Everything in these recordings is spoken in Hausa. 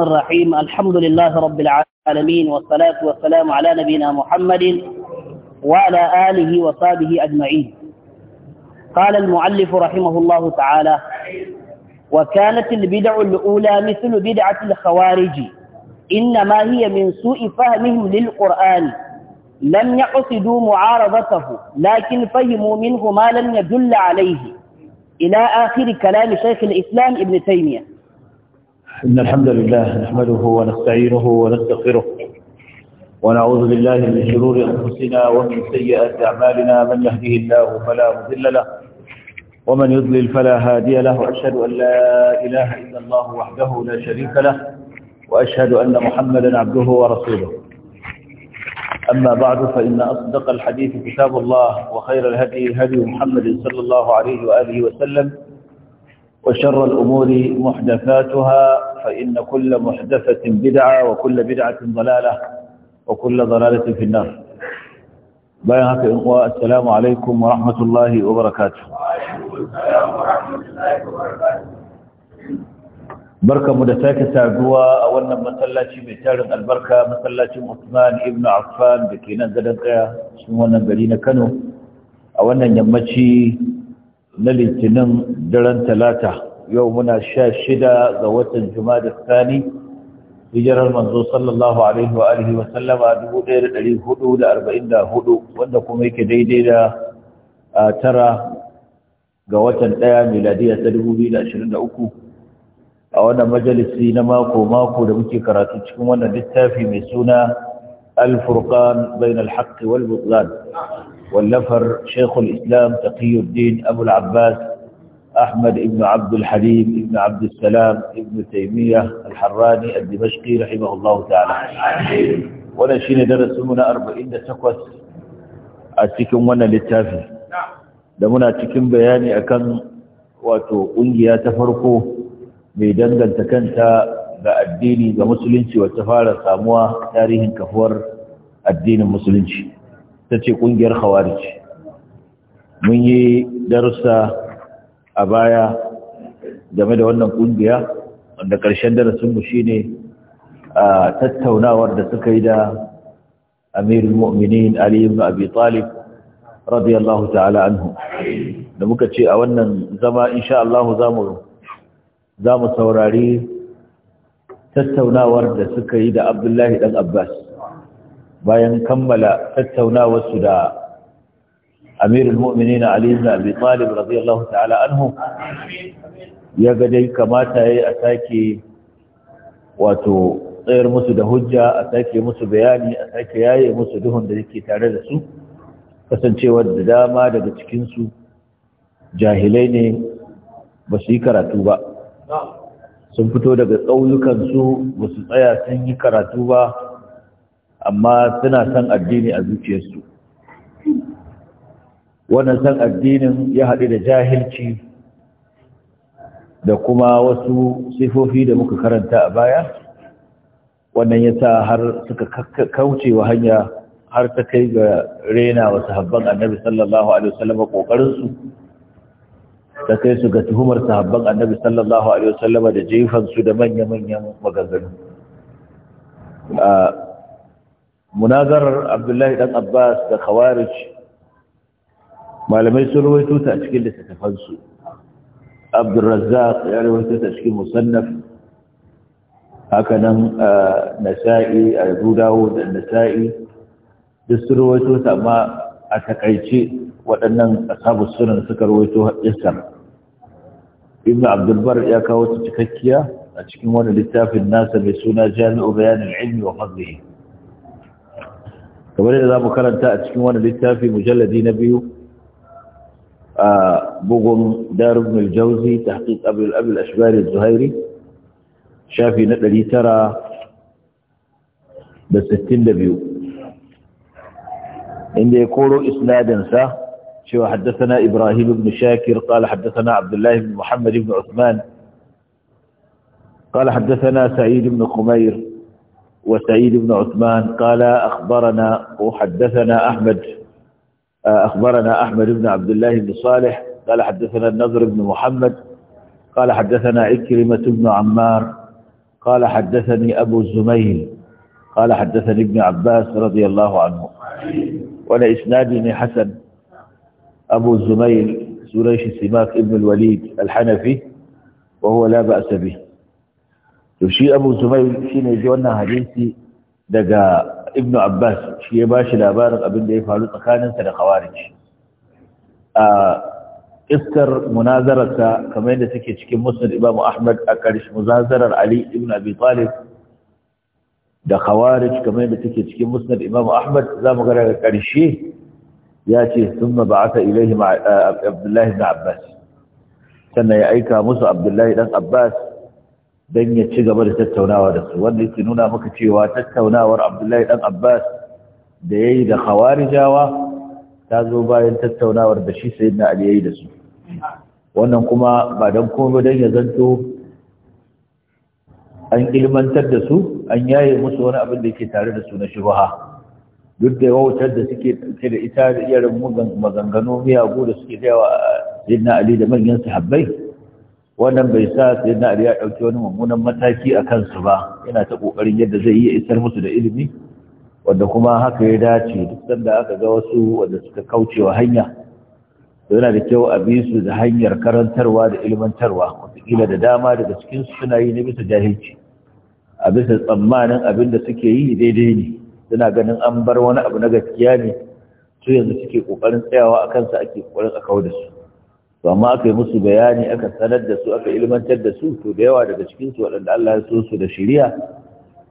الرحمن الرحيم الحمد لله رب العالمين والصلاة والسلام على نبينا محمد وعلى آله وصحبه أجمعين قال المؤلف رحمه الله تعالى وكانت البدع الأولى مثل بدعة الخوارج إنما هي من سوء فهمهم للقرآن لم يقصدوا معارضته لكن فهموا منه ما لم يدل عليه إلى آخر كلام شيخ الإسلام ابن تيمية إن الحمد لله نحمده ونستعينه ونستغفره ونعوذ بالله من شرور أنفسنا ومن سيئات أعمالنا من يهده الله فلا مذل له ومن يضلل فلا هادي له وأشهد أن لا إله إلا الله وحده لا شريك له وأشهد أن محمدا عبده ورسوله أما بعد فإن أصدق الحديث كتاب الله وخير الهدي هدي محمد صلى الله عليه وآله وسلم وشر الأمور محدثاتها فإن كل محدثة بدعة وكل بدعة ضلالة وكل ضلالة في النار بيانك إنقواء السلام عليكم ورحمة الله وبركاته بركة مدتاك سعدوا أولا مسلاتي بيتار البركة مسلاتي عثمان ابن عفان بكينا زدقيا سمونا بلينا كانوا أولا يمتشي na litinin daren talata yau muna sha shida ga watan Juma jumada tsani hijirar manzo sallallahu alaihi wa alihi wa sallama 1444 wanda kuma yake daidai da tara ga watan daya miladiya ta 2023 a wannan majalisi na mako mako da muke karatu cikin wannan littafi mai suna alfurkan furqan bainal haqqi wal butlan والنفر شيخ الإسلام تقي الدين أبو العباس أحمد ابن عبد الحليم ابن عبد السلام ابن تيمية الحراني الدمشقي رحمه الله تعالى ونشين درسمنا أربعين تقوس أتكم ونا للتافي دمنا تكم بياني أكن واتو أنجيا تفرقو ميدان mai danganta kanta ga addini ga musulunci wacce كفور الدين tarihin ta ce ƙungiyar khawarij mun yi darussa a baya game da wannan ƙungiya wanda ƙarshen darasinmu shi ne a tattaunawar da suka yi da amirul mu'minin ali abi talib radiyallahu ta'ala anhu da muka ce a wannan zama insha Allah za mu saurari tattaunawar da suka yi da abdullahi dan abbas bayan kammala tattaunawar su da amirul mu'minin ali ibn abi talib radiyallahu ta'ala anhu ya ga dai kamata yayi a sake wato tsayar musu da hujja a sake musu bayani a sake yaye musu duhun da yake tare da su kasancewar da dama daga cikin su jahilai ne ba su yi karatu ba sun fito daga su ba su tsaya sun yi karatu ba amma suna son addini a zuciyarsu wannan san addinin ya haɗu da jahilci da kuma wasu sifofi da muka karanta a baya wannan ya sa har suka kauce wa hanya har ta kai ga rena wasu habban annabi sallallahu alaihi wasallama ƙoƙarinsu ta kai su ga tuhumar sahabban annabi sallallahu alaihi wasallama da jefansu da manya-manyan magazin munazarar abdullahi dan abbas da khawarij malamai sun rawaito ta a cikin littattafansu abdurrazzaq ya rawaito ta cikin musannaf hakanan nasa'i a dawo da nasa'i duk sun rawaito ta amma a takaice waɗannan ashabu sunan suka rawaito hadisar ibn abdulbar ya kawo ta cikakkiya a cikin wani littafin nasa mai suna jami'u bayanin ilmi wa fadlihi kamar da za mu karanta a cikin wani littafi mujalladi na biyu a bugun darubin aljauzi ta haƙiƙ abin abin ashibari zuhairi shafi na 962 inda ya koro isnadinsa cewa haddasa ibrahim ibn shakir ƙala haddasa na abdullahi ibn muhammad ibn uthman ƙala haddasa sa'id ibn kumair وسعيد بن عثمان قال أخبرنا وحدثنا أحمد آه، أخبرنا أحمد بن عبد الله بن صالح قال حدثنا النضر بن محمد قال حدثنا إكرمة بن عمار قال حدثني أبو الزميل قال حدثني ابن عباس رضي الله عنه ولا حسن أبو الزميل سريش السماك ابن الوليد الحنفي وهو لا بأس به to shi abu zumai shi ne ji wannan hadisi daga ibn abbas shi ya ba shi labarin abin da ya faru tsakaninsa da khawarij a iskar munazararsa kamar yadda take cikin musnad imamu ahmad a ƙarshe munazarar ali ibn abi talib da khawarij kamar yadda take cikin musnad imamu ahmad za mu gara ga ƙarshe ya ce sun ba'ata ilaihi abdullahi ibn abbas sannan ya aika musu abdullahi dan abbas don ya ci gaba da tattaunawa da su wanda yake nuna maka cewa tattaunawar abdullahi dan abbas da ya yi da khawarijawa ta zo bayan tattaunawar da shi sayi na aliyayi da su wannan kuma ba don komai don ya zanto an ilmantar da su an yaye musu wani abin da yake tare da su na shubaha duk da wautar da suke ɗauke da ita da iyarin maganganu miyagu da suke gaya wa sayi ali da manyan sahabbai wannan bai sa sai na ariya ɗauki wani mummunan mataki a kansu ba yana ta ƙoƙarin yadda zai iya isar musu da ilimi wanda kuma haka ya dace duk sanda aka ga wasu wanda suka kauce wa hanya yana da kyau a bi su da hanyar karantarwa da ilmantarwa wataƙila da dama daga cikin suna yi na bisa jahilci a bisa tsammanin abin da suke yi daidai ne suna ganin an bar wani abu na gaskiya ne su yanzu suke ƙoƙarin tsayawa a kansa ake ƙoƙarin a kawo da su to amma aka yi musu bayani aka sanar da su aka ilmantar da su to da yawa daga cikin su waɗanda Allah ya so su da shiriya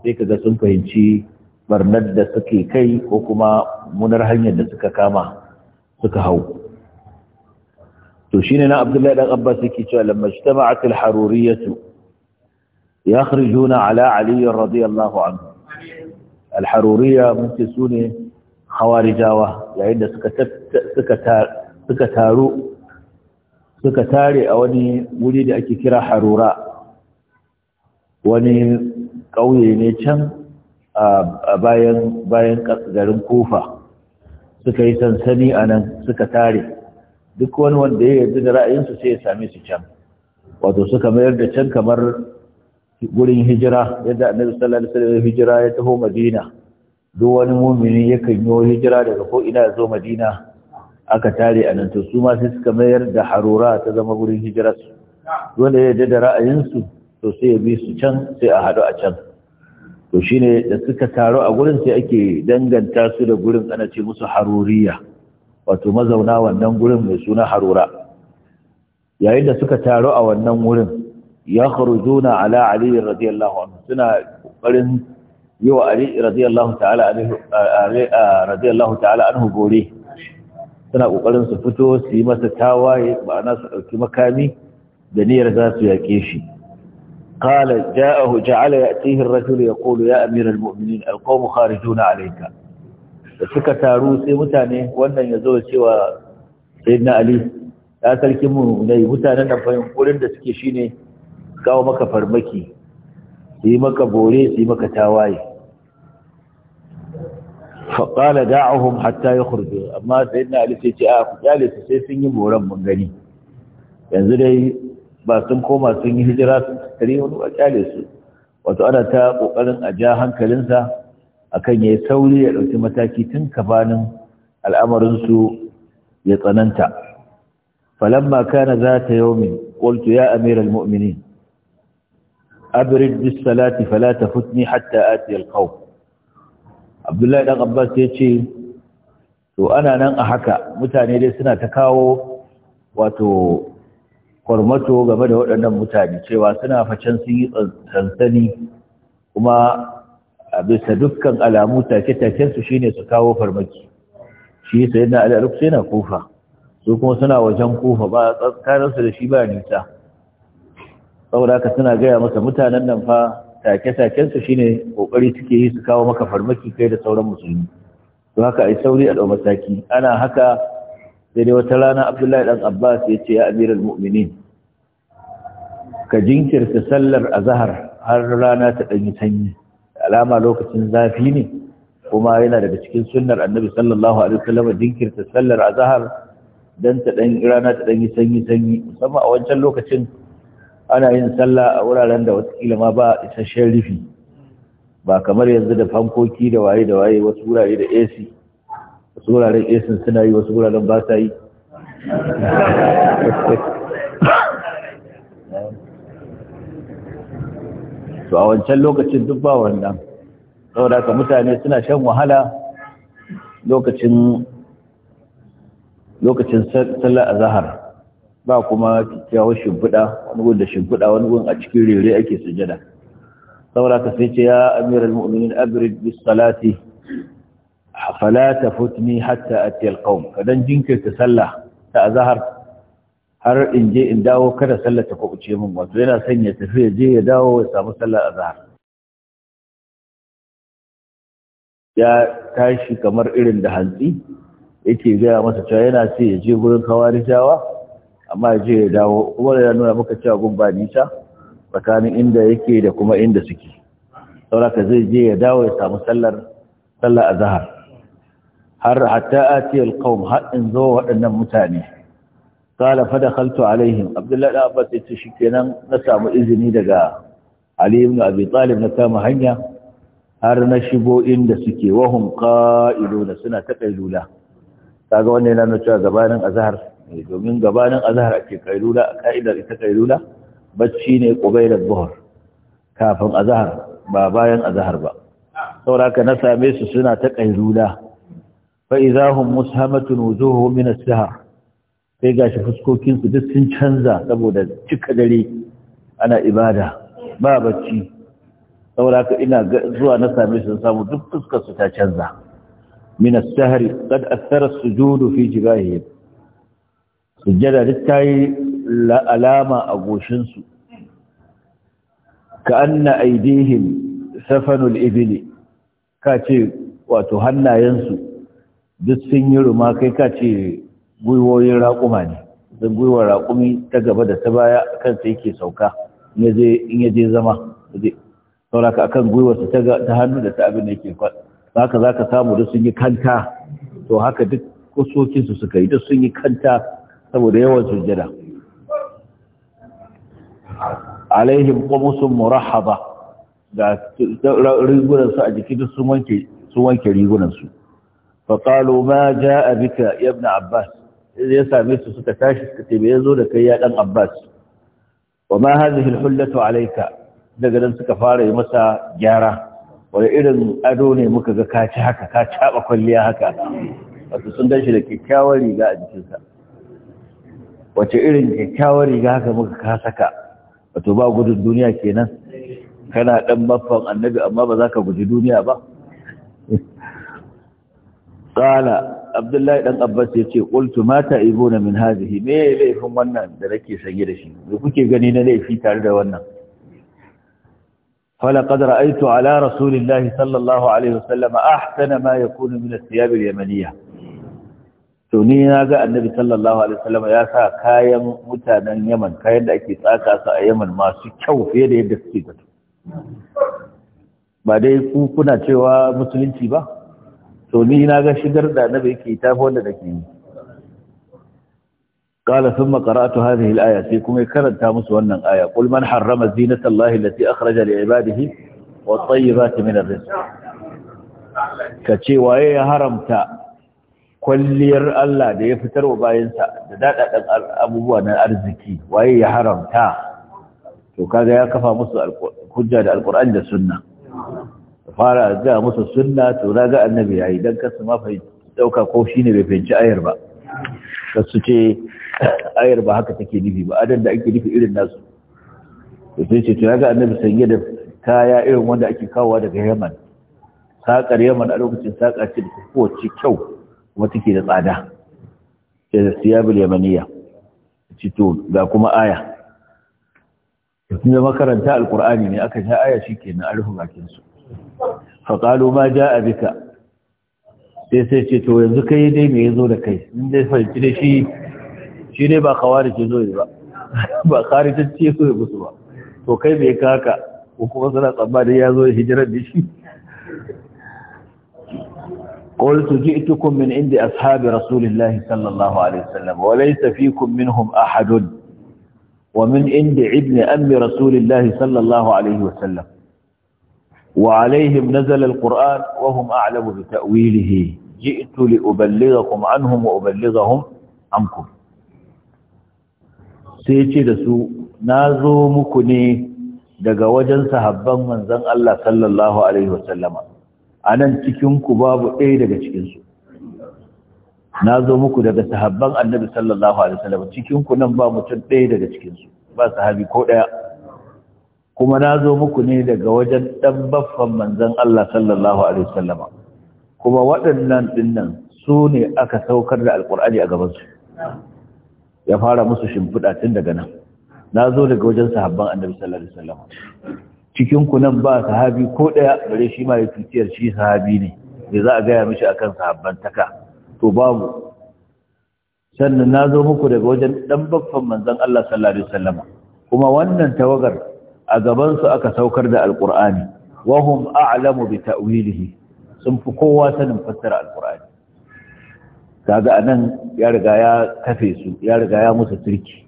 sai kaga sun fahimci barnar da suke kai ko kuma munar hanyar da suka kama suka hau to shine na Abdullahi dan Abbas yake cewa lamma ijtama'at al-haruriyatu yakhrujuna ala Ali radiyallahu anhu al-haruriyya mutsu khawarijawa yayin da suka suka taru suka tare a wani wuri da ake kira harura wani ƙauye ne can a bayan bayan garin kufa suka yi sansani a nan suka tare duk wani wanda ya yarda da ra'ayinsu sai ya same su can wato suka mayar da can kamar gurin hijira yadda annabi sallallahu alaihi wasallam hijira ya taho madina duk wani mumini yakan yi hijira daga ko ina ya zo madina aka tare a nan to su ma sai suka mayar da harura ta zama wurin hijirarsu wanda ya yarda da ra'ayinsu to sai ya bi su can sai a haɗu a can to shine da suka taru a gurin sai ake danganta su da gurin ana ce musu haruriya wato mazauna wannan gurin mai suna harura yayin da suka taru a wannan wurin ya kharujuna ala ali radiyallahu anhu suna kokarin yi wa ali radiyallahu ta'ala anhu radiyallahu ta'ala anhu gore suna ƙoƙarin su fito su yi masa tawaye ma'ana su ɗauki makami da niyyar za su yaƙe shi قال جاءه جعل ya amir amirar muminin أمير المؤمنين juna alaika. Da suka taru sai mutane wannan ya zo cewa sayyidina Ali ya sarki mu ne mutanen nan fahim kurin da suke shine kawo maka farmaki su yi maka bore su yi maka tawaye faƙala da'ahum hatta ya kurdu amma sai ali sai ce a ku kyale su sai sun yi boran mun gani yanzu dai ba sun koma sun yi hijira sun tattare wani ba wato ana ta ƙoƙarin a ja hankalinsa akan ya yi sauri ya ɗauki mataki tun kafanin al'amarinsu ya tsananta falamma kana za ta yaumin qultu ya amiral mu'minin abrid bis salati fala hatta ati al-qawm abdullahi dan abbas ya ce to ana nan a haka mutane dai suna ta kawo wato kormato game da waɗannan mutane cewa suna facen sun yi sansani kuma a bisa dukkan alamu take-takensu shi ne su kawo farmaki shi sai na al'aruk sai na kufa su kuma suna wajen kofa ba tsakaninsu da shi ba nisa saboda ka suna gaya masa mutanen nan fa take-takensu shi ne ƙoƙari suke yi su kawo maka farmaki kai da sauran musulmi to haka ayi sauri a ɗau mataki ana haka sai dai wata rana abdullahi ɗan abbas ya ce ya amiral mu'minin ka jinkirta sallar azahar har rana ta ɗanyi sanyi alama lokacin zafi ne kuma yana daga cikin sunnar annabi sallallahu alaihi wasallam jinkirta sallar azahar dan ta ɗan rana ta ɗanyi sanyi sanyi musamman a wancan lokacin ana yin sallah a wuraren da watakila ma ba isasshen rufi ba kamar yanzu da fankoki da waye da waye wasu wurare da ac wasu wuraren ac suna yi wasu wuraren ba sa yi to a wancan lokacin duk ba wannan saboda ka mutane suna shan wahala lokacin lokacin a azhar ba kuma kyawun shimfiɗa wani gun da shimfiɗa wani gun a cikin rere ake sujada saboda ka sai ce ya amiral mu'minin abrid bis salati fala tafutni hatta ka alqawm kadan jinkirta sallah ta azhar har in je in dawo kada sallah ta kubuce min wato yana sanya ya tafi ya je ya dawo ya samu sallah azhar ya tashi kamar irin da hantsi yake gaya masa cewa yana ce ya je gurin kawarijawa amma ya je ya dawo kuma ya nuna maka cewa gumba ba nisa tsakanin inda yake da kuma inda suke sauraka zai je ya dawo ya samu sallar sallar azhar har hatta ati alqaum har zo waɗannan mutane qala fa dakhaltu alaihim abdullahi da abbas yace shikenan na samu izini daga ali ibn abi talib na kama hanya har na shigo inda suke wahum qa'iluna suna ta kailula kaga wannan yana nuna cewa gabanin azhar Eh, domin gabanin azahar ake kailula a ka'idar ita kailula bacci ne ƙubairar buhar kafin azahar ba bayan azahar ba Saura haka na same su suna ta kailula fa idahum mushamatun wujuhu min sahar sai gashi shi fuskokinsu duk sun canza saboda cika dare ana ibada ba bacci Saura ka ina zuwa na same su samu duk fuskarsu ta canza min as-sahri qad athara as fi jibahihim sujjada duk ta yi alama a goshinsu ka na aidihin safanul ibili ka ce wato hannayensu duk sun yi ruma kai ka ce gwiwoyin raƙuma ne Zan gwiwa raƙumi ta gaba da ta baya kansa yake sauka in ya je zama sauraka kan gwiwarsa ta hannu da ta abin da yake haka za ka samu duk sun yi kanta to haka duk kusokinsu suka yi duk sun yi kanta saboda yawan sujjada alaihim qumusun murahaba ga rigunan su a jikin su wanke su wanke rigunan su fa qalu ma jaa bika ya ibn abbas ya same su suka tashi suka ce me yazo da kai ya dan abbas wa ma hadhihi alhullatu alayka daga nan suka fara yi masa gyara wani irin ado ne muka ga ka ci haka ka caba kwalliya haka wato sun dan shi da kyakkyawar riga a jikinsa wace irin kyakkyawar riga haka muka ka saka wato ba gudun duniya kenan kana dan baffan annabi amma ba za ka guji duniya ba qala abdullahi dan abbas yace qultu ma ta'ibuna min hadhihi me laifin wannan da nake sanye da shi me kuke gani na laifi tare da wannan فلقد رأيت على رسول الله صلى الله عليه وسلم أحسن ما يكون من الثياب اليمنية to ni na ga annabi sallallahu alaihi wasallam ya sa kayan mutanen Yaman kayan da ake tsaka su a Yaman masu kyau fiye da yadda suke gato ba dai ku kuna cewa musulunci ba to ni na ga shigar da annabi yake ta da nake yi قال ثم قرات هذه الايه فيكم karanta musu wannan aya qul man harrama zinata allahi allati akhraja li ibadihi wa tayyibati min ar-rizq ka ce waye haramta kwalliyar Allah da ya fitar wa bayansa da daɗaɗen abubuwa na arziki waye ya haramta to kaga ya kafa musu hujja da alkur'ani da sunna fara ga musu sunna to ga annabi yayi dan kasu ma fa dauka ko shine bai fahimci ayar ba kasu ce ayar ba haka take nufi ba adan da ake nufi irin nasu to sai ce to ga annabi sanye da kaya irin wanda ake kawowa daga Yaman sakar Yaman a lokacin saka ce da kowace kyau kuma take da tsada ce da siyabul yamaniya ci to ga kuma aya tun da makaranta alkur'ani ne aka sha aya shikenan an rufe bakin su fa qalu ma jaa bika sai sai ce to yanzu kai dai me yazo da kai in dai fahimci da shi shi ne ba ce zo ba ba kawari ce so ya ba to kai me ka haka ko kuma suna tsammani ya zo hijirar da shi قلت جئتكم من عند أصحاب رسول الله صلى الله عليه وسلم وليس فيكم منهم أحد ومن عند ابن أم رسول الله صلى الله عليه وسلم وعليهم نزل القرآن وهم أعلم بتأويله جئت لأبلغكم عنهم وأبلغهم عنكم سيتي دسو نازو مكني سهبا من sahabban الله صلى الله عليه وسلم a nan cikinku babu ɗaya daga cikinsu na zo muku daga sahabban annabi sallallahu alaihi wasallam cikinku nan ba mutum ɗaya daga cikinsu ba sahabi ko ɗaya kuma na zo muku ne daga wajen ɗan baffan manzon Allah sallallahu alaihi wasallam kuma waɗannan dinnan su ne aka saukar da alƙur'ani a gabansu ya fara musu shimfiɗa tun daga nan na zo daga wajen sahabban annabi sallallahu alaihi wasallam cikin nan ba sahabi ko ɗaya bare shi ma ya shi sahabi ne da za a gaya mishi akan sahabban taka to babu sannan na zo muku daga wajen ɗan baffan manzon Allah sallallahu alaihi wasallama kuma wannan tawagar a gaban su aka saukar da Alƙur'ani, wa hum a'lamu bi ta'wilihi sun fi kowa sanin fassara alqur'ani kaga anan ya riga ya kafe su ya riga ya musu turki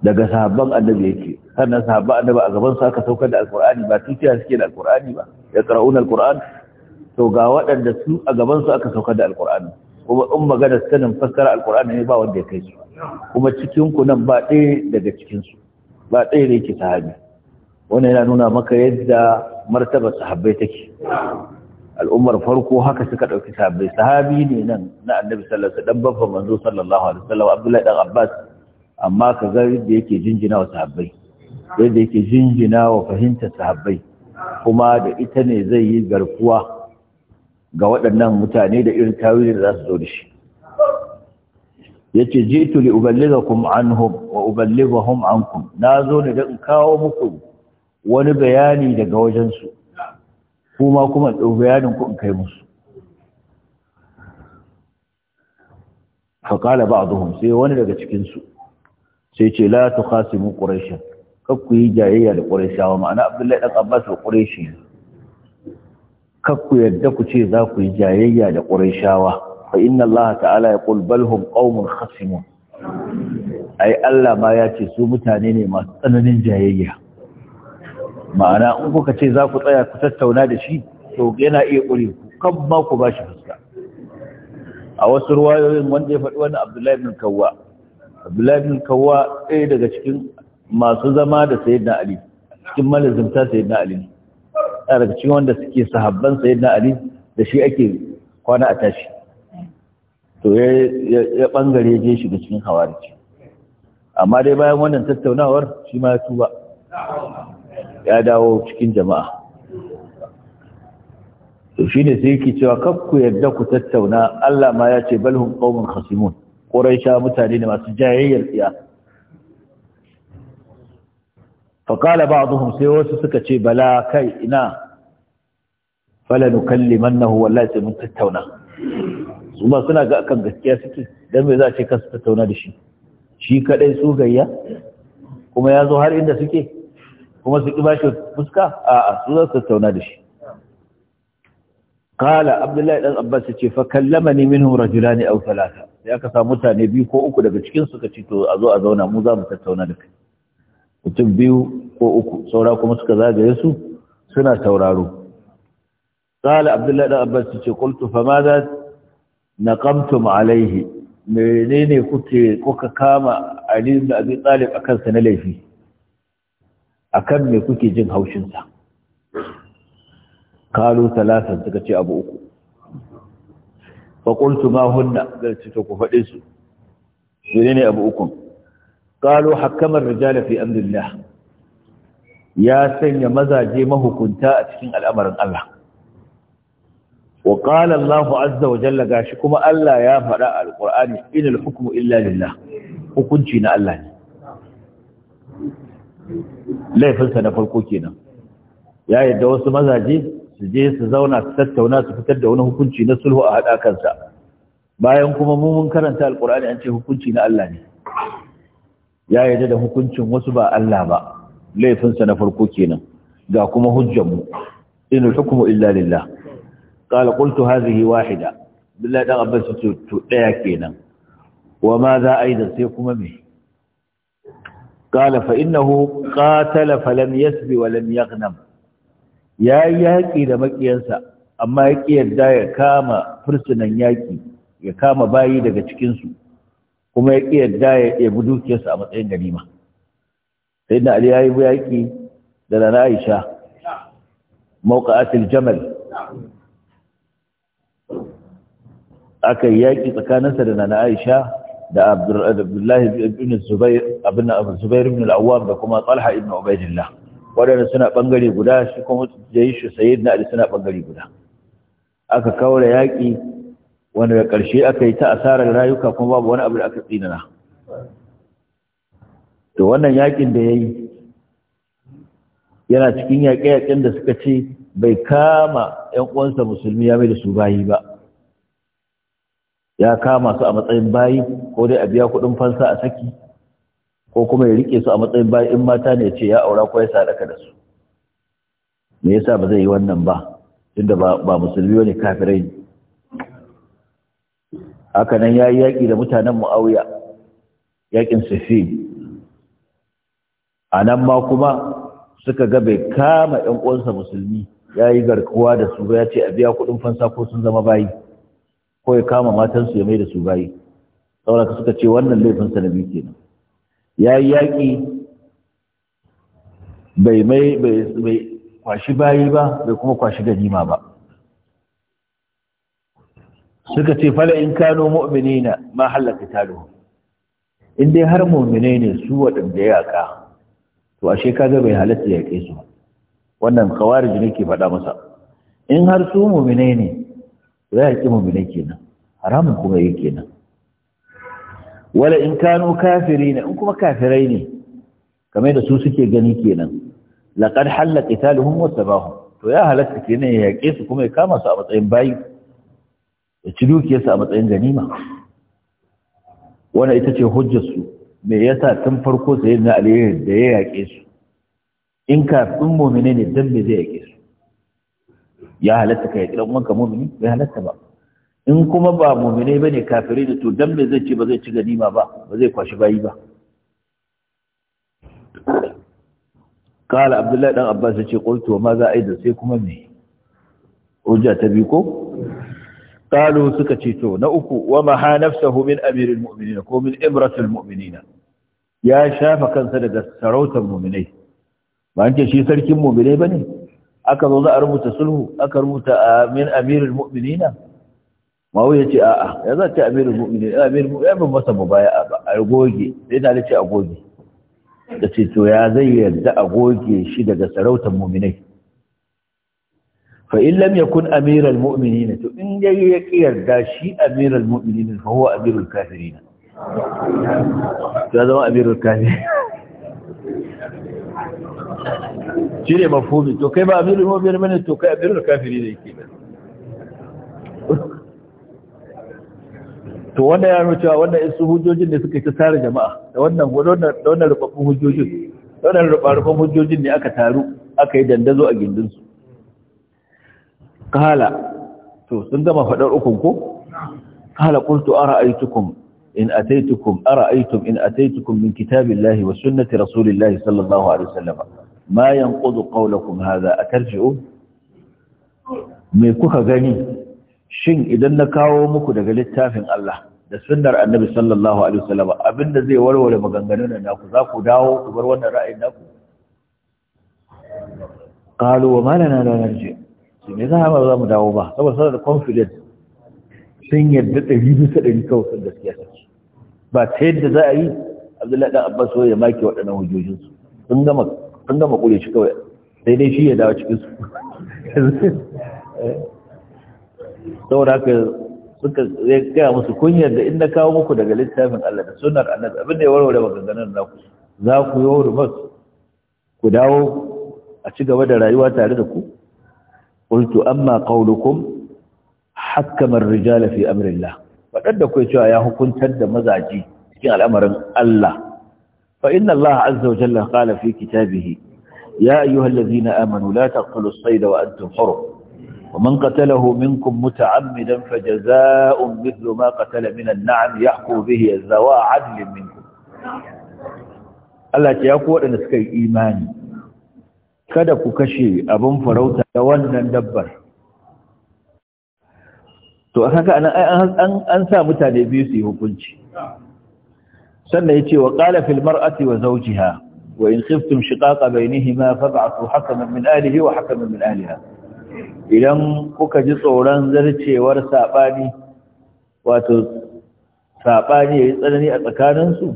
daga sahabban annabi yake sannan sahabba annaba a gaban su aka saukar da alqur'ani ba tuciya suke da alqur'ani ba ya qara'una alqur'an to ga waɗanda su a gaban su aka saukar da alqur'ani kuma in magana sanin fassara alqur'ani ne ba wanda ya kai su kuma cikin ku nan ba ɗaya daga cikin su ba ɗaya ne ke sahabi wannan yana nuna maka yadda martaba sahabbai take al'ummar farko haka suka ɗauki sahabbai sahabi ne nan na annabi sallallahu alaihi wasallam babban manzo sallallahu alaihi wasallam Abdullahi dan Abbas amma ka ga yadda yake jinjina wa sahabbai yadda yake jinjina wa fahimtar sahabbai kuma da ita ne zai yi garkuwa ga waɗannan mutane da irin tawilin da za su zo da shi ya ce jitu li uballigakum anhum wa uballigahum ankum na zo ne don kawo muku wani bayani daga wajensu kuma kuma bayanin ku in kai musu faƙala ba a sai wani daga cikinsu sai ce la ta mu ƙurashin ku yi jayayya da ƙurashawa ma'ana abdullahi ɗan abbas da ƙurashi ku yadda ku ce za ku yi jayayya da ƙurashawa fa inna allah ta'ala ya qul bal hum qaumun khasimun ai allah ma ya ce su mutane ne masu tsananin jayayya ma'ana in kuka ce za ku tsaya ku tattauna da shi to yana iya ƙure ku kan ma ku ba shi fuska a wasu ruwayoyin wanda ya faɗi wani abdullahi bin kawwa abdullahi bin kawwa ɗaya daga cikin masu zama da sayyidina ali cikin malazimta sayyidina ali a daga cikin wanda suke sahabban sayyidina ali da shi ake kwana a tashi to ya bangare je shiga cikin hawarici amma dai bayan wannan tattaunawar shi ma ya tuba ya dawo cikin jama'a to shine sai yake cewa "Ku yadda ku tattauna Allah ma ya ce balhum qaumun khasimun quraisha mutane ne masu jayayyar tsiya faƙala ba a sai wasu suka ce bala kai ina falanu kalliman na huwallah sai mun tattauna su ba suna ga akan gaskiya suke don mai za a ce kasu tattauna da shi shi kadai, su gayya kuma ya zo har inda suke kuma su ba shi fuska a su za su tattauna da shi kala abdullahi ɗan abbas ya ce fa kallamani ne min hura jula ne au talata sai aka samu mutane biyu ko uku daga cikin suka ce to a zo a zauna mu za mu tattauna da kai mutum biyu ko uku saura kuma suka zagaye su suna tauraro qala abdullahi da abbas ce qultu fa na naqamtum alayhi menene kuke kuka kama ali da abi talib akan sa na laifi akan me kuke jin haushin sa qalu thalathan suka ce abu uku fa qultu ma hunna da ce ku faɗe su menene abu uku qalu hakama ar-rijal fi amrillah ya sanya mazaje mahukunta a cikin al'amarin Allah wa qala Allah azza wa jalla gashi kuma Allah ya faɗa a alqur'ani inal hukmu illa lillah hukunci na Allah ne laifinsa na farko kenan ya yadda wasu mazaje su je su zauna su tattauna su fitar da wani hukunci na sulhu a haɗa kansa bayan kuma mun karanta Alƙur'ani an ce hukunci na Allah ne ya yarda da hukuncin wasu ba Allah ba laifinsa na farko kenan ga kuma hujjanmu in hukumu illa lillah qala qultu hadhihi wahida billahi dan abbas to daya kenan wa ma za aidan sai kuma me qala fa innahu qatala falam yasbi wa lam yaghnam ya yaki da makiyansa amma yaki yadda ya kama fursunan yaki ya kama bayi daga cikin su kuma ya iya daya ya bi dukiyarsa a matsayin ganima sai da ali ya yi yaƙi da na aisha mawuƙa'atul jamal aka yi yaƙi tsakaninsa da na aisha da abdullahi ibn zubair abin zubair ibn al'awwam da kuma talha ibn ubaidillah waɗanda suna ɓangare guda shi kuma yi shi sayid na ali suna ɓangare guda aka kawo yaƙi wanda da ƙarshe aka yi ta asarar rayuka kuma babu wani abu da aka tsinana to wannan yakin da ya yi yana cikin yaƙe-yaƙen da suka ce bai kama 'yan uwansa musulmi ya mai da su bayi ba ya kama su a matsayin bayi ko dai a biya kuɗin fansa a saki ko kuma ya riƙe su a matsayin bayi in mata ne ce ya aura ko ya sadaka da su me yasa ba zai yi wannan ba tunda ba musulmi wani kafirai ne haka nan ya yi yaƙi da mutanen mu'awiya yaƙin sufi a nan ma kuma suka ga bai kama ‘yan uwansa musulmi ya yi garkuwa da su ya ce a biya kuɗin fansa ko sun zama bayi ko ya kama matansu ya mai da su bayi sauraka suka ce wannan laifin biyu kenan ya yi yaƙi bai mai bai kwashi bayi ba bai kuma kwashi ganima ba suka ce fala in kano mu'minina ma halaka taluhu in dai har mu'minai ne su waɗanda yaƙa? to ashe kaga bai halatta ya ke su wannan khawarij ne ke faɗa masa in har su mu'minai ne za ya ki mu'minai kenan haramun kuma yake kenan wala in kano kafirina in kuma kafirai ne kamar da su suke gani kenan laqad halaka taluhum wa sabahum to ya halatta kenan ya ke su kuma ya kama su a matsayin bayi ya ci dukiyarsa a matsayin ganima wannan ita ce hujjarsu me yasa tun farko sai na aliyu da ya yaƙe su in kafin mumine ne dan me zai yaƙe su ya halatta ka yaƙi ɗan wanka mumini bai halatta ba in kuma ba mominai ba ne kafirai da to dan me zai ce ba zai ci ganima ba ba zai kwashi bayi ba قال عبد ce kwaltuwa ma za a yi da sai kuma me hujja ta biyu ko qalu suka ce to na uku wa ha nafsahu min amiril mu'minin ko min ibratil mu'minin ya shafa kansa daga sarautar mu'minai ba an ce shi sarkin mu'minai bane aka zo za a rubuta sulhu aka rubuta min amiril mu'minin mawu ya ce a'a ya za ta amirul mu'minin amirul ya ban masa mubaya'a ba a goge sai da ce a goge da ce to ya zai yarda a goge shi daga sarautar mu'minai fa in lam yakun amiral mu'minin to in yayi ya kiyarda shi amiral mu'minin fa huwa amirul kafirin ya zama amirul kafirin shi ne mafhumi to kai ba amirul mu'minin bane to kai amirul kafirin ne ke to wanda ya nuna cewa wannan isu hujjojin ne suka yi ta tare jama'a da wannan da wannan rubabbun hujjojin wannan rubabbun hujjojin ne aka taru aka yi dandazo a gindinsu kala to sun gama faɗar ukun ko kala qultu ara'aytukum in ataitukum ara'aytum in ataitukum min kitabillahi wa sunnati rasulillahi sallallahu alaihi wasallam ma yanqudu qawlakum hadha atarji'un me kuka gani shin idan na kawo muku daga littafin Allah da sunnar annabi sallallahu alaihi wasallam abinda zai warware maganganun nan ku za ku dawo ku bar wannan ra'ayin naku qalu wa ma lana la narji' ce me za a za mu dawo ba saboda sanar da confidence sun yadda ɗari bisa ɗari kawai sun gaskiya ce ba ta yadda za a yi abdullahi ɗan abbas ya make waɗannan hujjojinsu sun gama sun gama ƙure shi kawai sai dai shi ya dawo cikin su saboda haka suka zai gaya musu kunyar da inda kawo muku daga littafin Allah da sunar annabi abin da ya warware maganganun ku za ku yi wa ku dawo a ci gaba da rayuwa tare da ku قلت أما قولكم حكم الرجال في أمر الله فقد كنت يا حكم تد مزاجي في الأمر الله فإن الله عز وجل قال في كتابه يا أيها الذين آمنوا لا تقتلوا الصيد وأنتم حرم ومن قتله منكم متعمدا فجزاء مثل ما قتل من النعم يحكم به الزواء عدل منكم Allah تيقول ya ku waɗanda kada ku kashe abin farauta da wannan dabbar to haka an an sa mutane biyu su yi hukunci sannan yace wa qala fil mar'ati wa zawjiha wa in khiftum shiqaqa bainihima fab'athu hakaman min ahlihi wa hakaman min ahliha idan kuka ji tsoron zarcewar sabani wato sabani yayi tsanani a tsakaninsu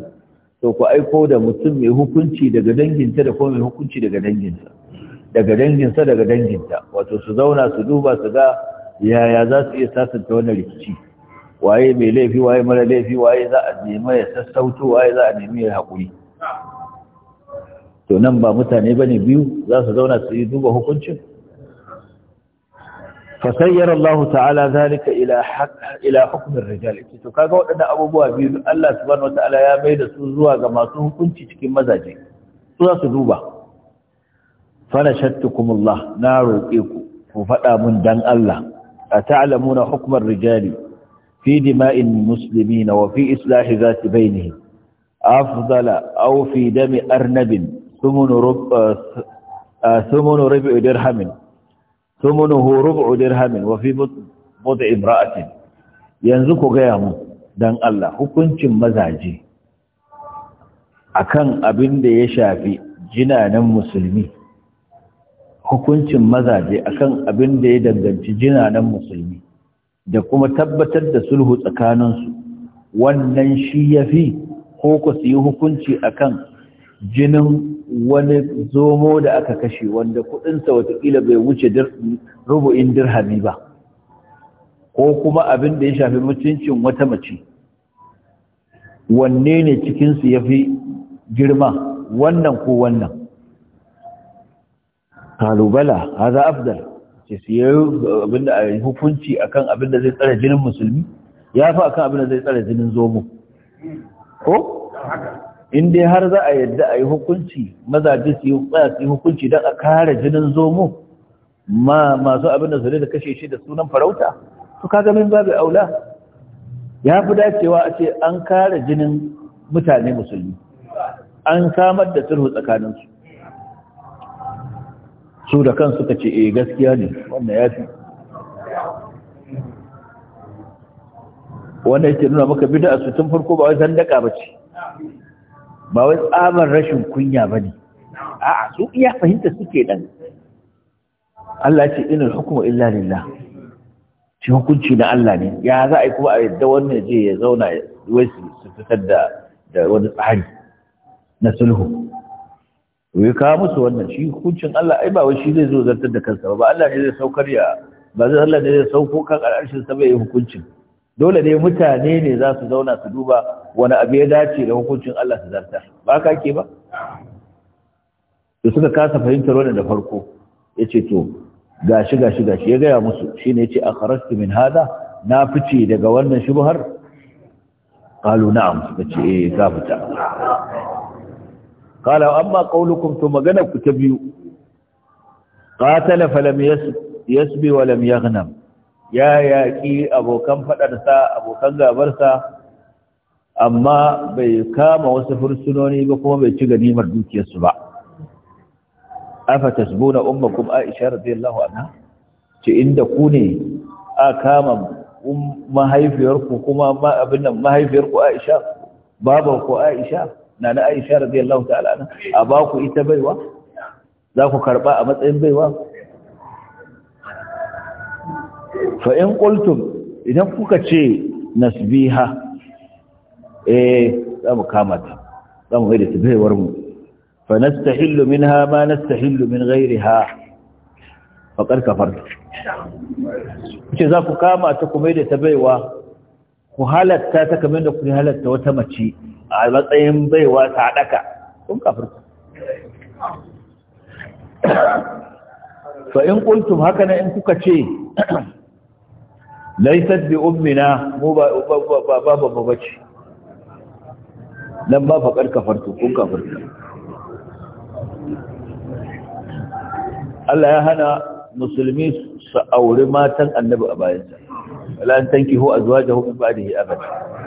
to ku aiko da mutum mai hukunci daga danginta da kuma mai hukunci daga danginsa daga danginsa daga danginta wato su zauna su duba su ga yaya za su iya sasanta wannan rikici waye mai laifi waye mara laifi waye za a nemi ya sassauto waye za a nemi ya haƙuri to nan ba mutane ba ne biyu za su zauna su yi duba hukuncin fasayyar Allah ta'ala zalika ila hukumin rijal to kaga waɗannan abubuwa biyu Allah subhanahu wataala ya mai da su zuwa ga masu hukunci cikin mazaje su za su duba fanashattukumullah na roƙe ku ku faɗa mun dan Allah a na hukmar rijali fi dima'in muslimina wa fi islahi zati bainihim afdala aw fi dami arnabin thumunu rub thumunu rubu dirhamin thumunuhu wa fi imra'atin yanzu ku gaya mu dan Allah hukuncin mazaje akan abin da ya shafi na musulmi hukuncin mazaje akan abin da ya danganci jinanan musulmi da kuma tabbatar da sulhu tsakaninsu wannan shi ya fi ko ku su yi hukunci akan jinin wani zomo da aka kashe wanda kudinsa watakila bai wuce rubu'in dirhami ba ko kuma abin da ya shafi mutuncin wata mace wanne ne cikinsu ya fi girma wannan ko wannan kalu bala haza afdal ce su yi abinda a hukunci akan abinda zai tsare jinin musulmi ya fi akan abinda zai tsare jinin zomo ko in dai har za a yadda a yi hukunci mazaje su yi tsaya su yi hukunci don a kare jinin zomo ma masu abinda su da kashe shi da sunan farauta to kaga min babu aula ya fi dacewa a ce an kare jinin mutane musulmi an samar da turhu tsakaninsu su da kan suka ce eh gaskiya ne wannan ya fi wannan yake nuna maka bid'a su tun farko ba wai daka ba ce ba wai tsabar rashin kunya ba ne a'a su iya fahimta suke dan Allah ce inal hukmu illa lillah shi hukunci na Allah ne ya za a yi kuma a yadda wannan je ya zauna wai su fitar da wani tsari na sulhu wai ka musu wannan shi hukuncin Allah ai ba wai shi zai zo zartar da kansa ba Allah ne zai saukar ya ba zai Allah ne zai sauko kan al'arshin sa bai hukuncin dole ne mutane ne za su zauna su duba wani abu ya dace da hukuncin Allah su zartar ba ka ke ba to suka kasa fahimtar wannan da farko yace to gashi gashi gashi ya gaya musu shine yace akhrajtu min hada na fice daga wannan shubhar qalu na'am suka ce eh ka fita kala amma qaulukum to magana ku ta biyu qatala falam yasbi wa lam yaghnam ya yaki abokan fadarsa abokan gabarsa amma bai kama wasu fursunoni ba kuma bai ci ganimar dukiyarsu ba afa tasbuna ummakum aisha radiyallahu anha ce inda ku ne a kama um-, mahaifiyarku kuma abin nan mahaifiyarku aisha babanku aisha na na aisha radiyallahu ta'ala na a ba ku ita baiwa za ku karba a matsayin baiwa fa in qultum idan kuka ce nasbiha eh za mu kama ta za mu da baiwar mu fa nastahillu minha ma nastahillu min ghayriha faqad kafarta ce za ku kama ta mai da ta baiwa ku halatta ta kamar da ku halatta wata mace a matsayin baiwa sadaka kun kafirta fa in kuntum haka na in kuka ce laysat bi ummina mu ba ba ba bace dan ba faqar kafartu kun kafarta Allah ya hana musulmi su aure matan annabi a bayansa la an tankihu azwajahu min ba'dihi abada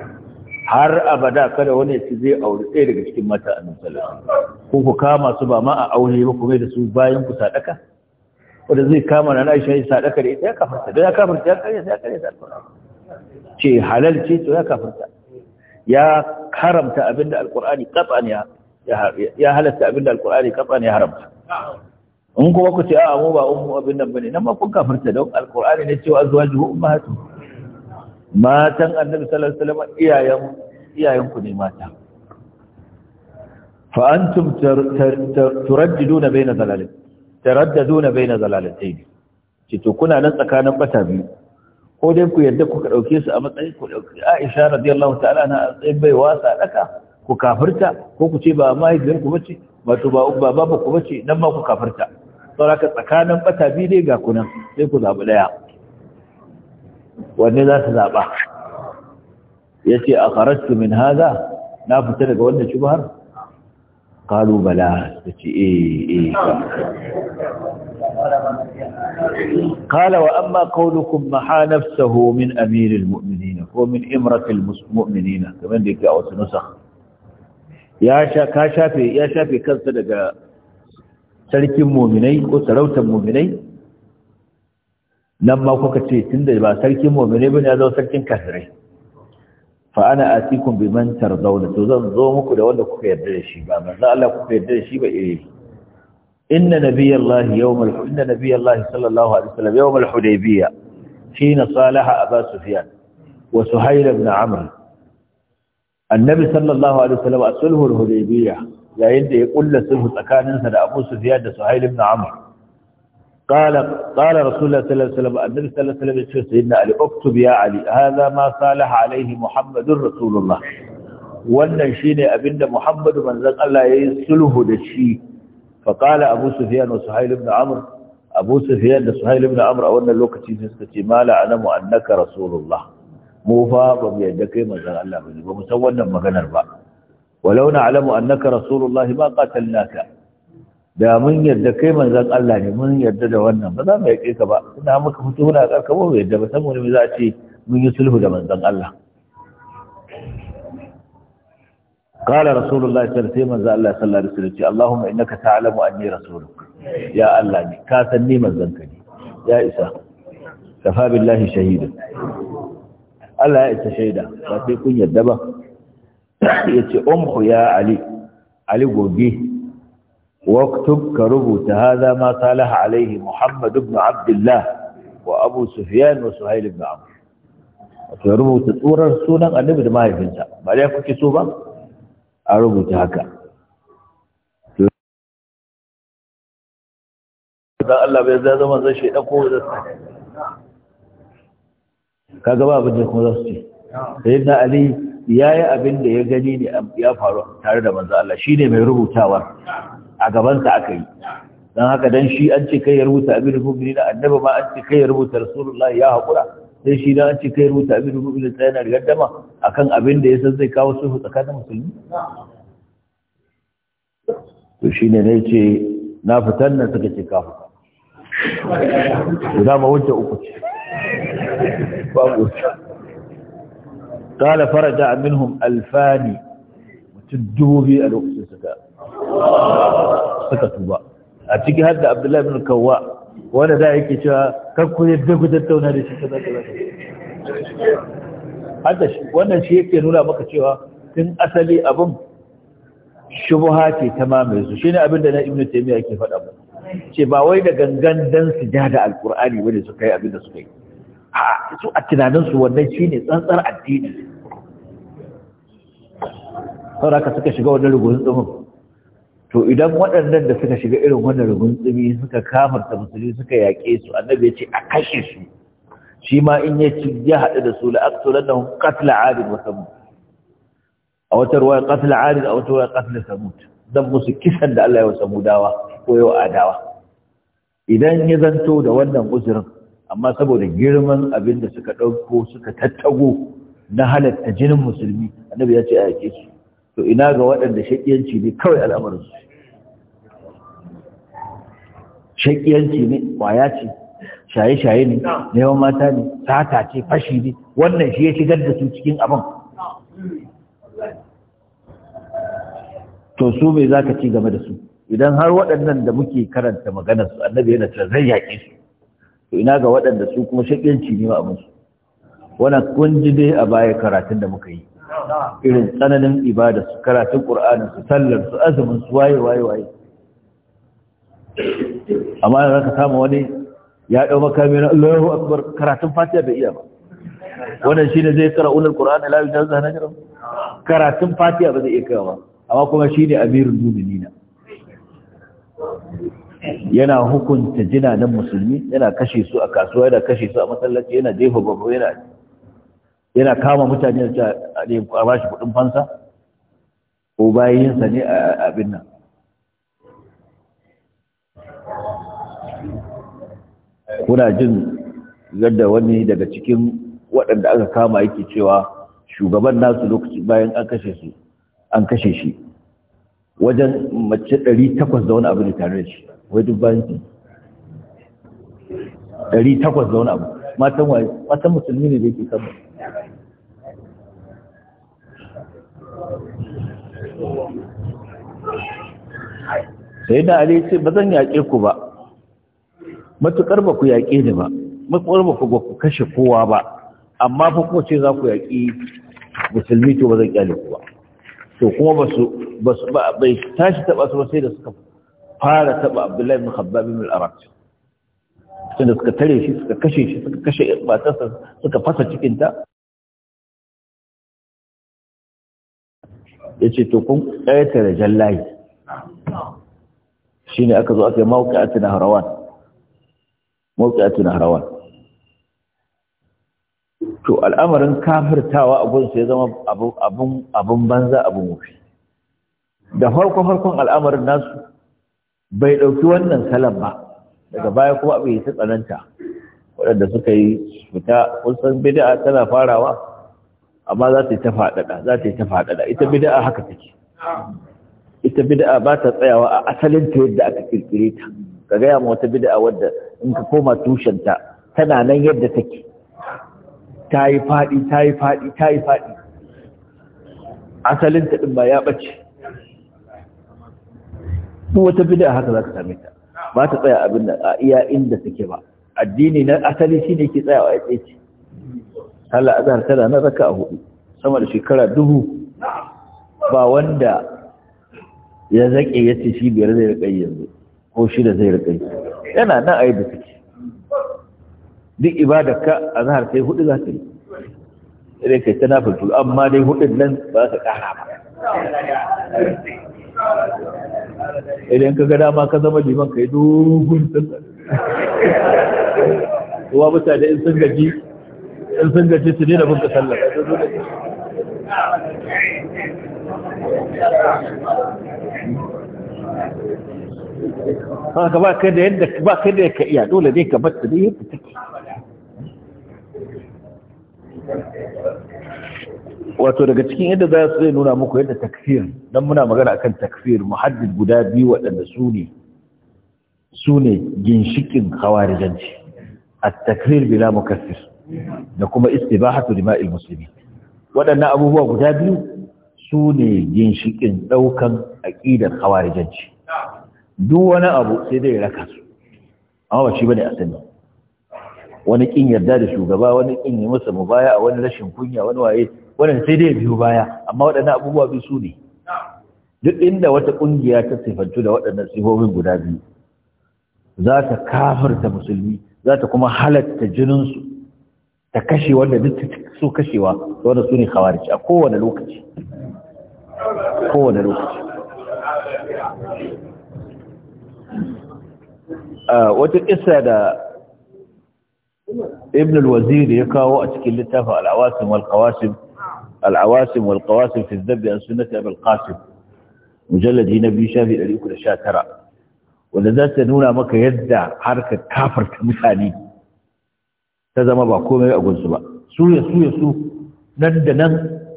har abada kada wani ya ci zai aure ɗaya daga cikin mata a nan ko ku kama su ba ma a aure ba kuma da su bayan ku sadaka wanda zai kama na Aisha ya sadaka da ita ya kafarta da ya kafarta ya kare ya kare sadaka ce halal ce to ya kafarta ya haramta abinda alqur'ani qatan ya ya halatta abinda alqur'ani qatan ya haramta in kuma ku ce a'a mu ba ummu abin nan bane nan ma kun kafarta don alqur'ani ne cewa azwajuhu ummahatuhum matan annabi sallallahu alaihi wasallam iyayen iyayen ku ne mata fa antum turaddiduna baina zalalatin taraddaduna baina zalalatin ki to kuna nan tsakanin bata biyu ko dai ku yadda kuka dauke su a matsayin ku dauki Aisha radiyallahu ta'ala na tsayin bai wasa daka ku kafirta ko ku ce ba mahaifiyar ku bace wato ba ubba ba ku bace nan ma ku kafirta saboda tsakanin bata biyu dai ga kunan sai ku zabi daya wanne za ta zaɓa ya ce a ƙararsu min haza na fita daga wannan shubahar? ƙalubala ta ce e eh, e eh. ƙalawa an ma ƙaunukun mahanar amirin mu'minina ko min imratil mu'minina kamar da yake a wasu nusa ya shafe kansa daga sarkin mu'minai ko sarautar mu'minai nan ma kuka ce tunda ba sarkin mu'mini bane ya zama sarkin kafirai fa ana atikum bimantar tardawna to zan zo muku da wanda kuka yarda da shi ba manzo Allah kuka yarda da shi ba eh inna nabiyallahi yawmal inna nabiyallahi sallallahu alaihi wasallam yawmal shi na salaha aba sufyan wa suhayl na amr annabi sallallahu alaihi wasallam asulhu al-hudaybiyah yayin da ya kulla sulhu tsakaninsa da abu sufyan da suhayl na amr قال قال رسول الله صلى الله عليه وسلم النبي صلى الله عليه وسلم يقول سيدنا علي اكتب يا علي هذا ما صالح عليه محمد رسول الله wannan shine abinda Muhammadu manzon Allah yayi sulhu da shi fa qala Abu Sufyan wa Suhayl ibn Amr Abu Sufyan da Suhayl ibn Amr a wannan lokaci ne suka ce mala anamu annaka rasulullah mu fa ba mu yadda kai manzon Allah bane ba mu san wannan maganar ba walau na alamu annaka rasulullah ma qatalnaka da mun yarda kai manzan Allah ne mun yarda da wannan ba za mu yaƙe ka ba ina muka fito muna ƙarƙa ba mu yarda ba saboda mu za a ce mun yi sulhu da manzan Allah qala rasulullah sallallahu alaihi wasallam Allah sallallahu alaihi wasallam Allahumma innaka ta'lamu anni rasuluk ya Allah ni ka san ni manzan ka ne ya isa kafa billahi shahida Allah ya isa shaida ba sai kun yarda ba yace umhu ya ali ali gobe واكتب كربوت هذا ما صالح عليه محمد بن عبد الله وأبو سفيان وسهيل بن عمرو wato rubuta tsoron sunan annabi da mahaifinsa ba da ya so ba rubuta haka Allah bai zai zama zai shaidan ko zai ka gaba abin da kuma za su ce sai na ali ya yi abin da ya gani ne ya faru tare da manzo Allah shi ne mai rubutawar a gabansa aka yi don haka don shi an ce kai ya rubuta abin rufin na annaba ma an ce kai ya rubuta rasulullah ya haƙura sai shi na an ce kai ya rubuta abin rufin na yana rigar dama a kan abin da ya san zai kawo sulhu tsakanin musulmi to shi ne na ce na fitan nan suka ce ka fita guda ma wuce uku ce babu قال فرجع Mutum dubu biyu a lokacin سكا suka tuba a ciki har da abdullahi bin kawwa wanda da yake cewa kan ku yadda ku tattauna da shi kaza zaka hadda shi wannan shi yake nuna maka cewa tun asali abin shubha ce ta mamaye su shine abin da na ibnu taymiya yake faɗa ba ce ba wai da gangan dan da alqur'ani wanda suka yi abin da suka yi a su a tunanin su wannan shine tsantsar addini Saura ka suka shiga wannan rugunin tsumin to idan waɗannan da suka shiga irin wannan rugun tsimi suka ta musulmi suka yaƙe su annabi ya ce a kashe su shi ma in ya ci ya haɗu da su la'aktulan na katla adin wa samut a wata ruwa katla adin a wata ruwa katla samut zan musu kisan da Allah ya wa samudawa ko yau adawa idan ya zanto da wannan uzurin amma saboda girman abin da suka ɗauko suka tattago na halatta jinin musulmi annabi ya ce a yaƙe su to ina ga waɗanda shaƙiyanci ne kawai al'amarinsu shaƙiyanci ne ƙwaya ce shaye-shaye ne neman mata ne sata ce fashi ne wannan shi ya shigar da su cikin abin to su mai za ka ci game da su idan har waɗannan da muke karanta maganar su annabi yana cewa zai yaƙi su to ina ga waɗanda su kuma shaƙiyanci ne wa abinsu wannan kun ji dai a baya karatun da muka yi irin tsananin ibada su karatun ƙur'anin su sallar su azumin su waye waye waye amma da zaka samu wani ya ɗau makami na Allahu akbar karatun fatiha bai iya ba wannan ne zai unar ulul lafi la yujazu jiran karatun fatiha ba zai iya kai ba amma kuma shi ne amirul mu'minin yana hukunta jinanan musulmi yana kashe su a kasuwa yana kashe su a masallaci yana jefa babu yana yana kama mutane da a ba shi kudin fansa ko bayinsa ne a abin nan kuna jin yadda wani daga cikin waɗanda aka kama yake cewa shugaban nasu lokaci bayan an kashe an kashe shi wajen mace ɗari takwas da wani abu da tare da shi wai duk bayan shi takwas da wani abu matan musulmi ne da yake kama sai da ali ce ba zan yaƙe ku ba matuƙar ba ku yaƙe ni ba matuƙar ba ku kashe kowa ba amma fa kuma ce za ku yaƙi musulmi to ba zan ƙyale ku ba to kuma ba su bai tashi taɓa su ba sai da suka fara taɓa abdullahi bin khabbabi bin al-arab tunda suka tare shi suka kashe shi suka kashe matarsa suka fasa cikinta ya ce to kun da jallayi shi ne aka zo aka yi mawuƙa'atu na harawan mawuƙa'atu na harawan to al'amarin kafirtawa abunsa ya zama abun banza abun wufi da farko-farkon al'amarin nasu bai ɗauki wannan salam ba daga baya kuma abin yi ta tsananta waɗanda suka yi fita kusan bida tana farawa amma za ta yi ta faɗaɗa za ta yi ta faɗaɗa ita bida'a haka take ita bida'a ba ta tsayawa a asalin ta yadda aka kirkire ta ka gaya ma wata bida'a wadda in ka koma tushenta tana nan yadda take ta yi faɗi ta yi faɗi ta yi faɗi asalin ta ɗin ba ya ɓace ko wata bida'a haka za ka same ta ba ta tsaya abin da a iya inda take ba addini na asali shi ne ke tsayawa ya tsaye sallar azhar tana na raka a hudu sama da shekara duhu ba wanda ya zake ya ce shi biyar zai rikai yanzu ko shida zai rikai yana nan a da suke duk ibadarka a zahar sai hudu za ta yi idan kai tana fulfu amma dai hudun nan ba za ta kara ba idan ka gada ma ka zama liman ka yi dogon sallar Wa mutane in sun gaji in sun gaji su ne da bunta sallah haka ba ka da yadda ba ka da ka iya dole ne ka batta da yadda take wato daga cikin yadda za su zai nuna muku yadda takfir don muna magana akan takfir muhaddid guda biyu waɗanda su ne su ne ginshikin hawarijanci a takfir bila mukaffir da kuma istibahatu dima'il muslimi waɗannan abubuwa guda biyu su ne ginshikin ɗaukan aƙidar hawarijanci duk wani abu sai dai raka su amma ba shi bane sani. wani kin yarda da shugaba wani kin yi masa mubaya a wani rashin kunya wani waye wani sai dai biyu baya amma waɗannan abubuwa biyu su ne duk inda wata ƙungiya ta sifantu da waɗannan sifofin guda biyu za ta kafarta musulmi za ta kuma halatta jininsu ta kashe wanda duk so kashewa wanda su ne khawarij a kowane lokaci kowane lokaci wata kissa da ibn al-wazir ya kawo a cikin littafin al-awasim wal-qawasim al-awasim wal-qawasim fi dhabb an sunnati abul qasim mujalladi na biyu shafi 319 wanda za ta nuna maka yadda harkar kafarta mutane ta zama ba komai a gunsu ba su ya su ya su nan da nan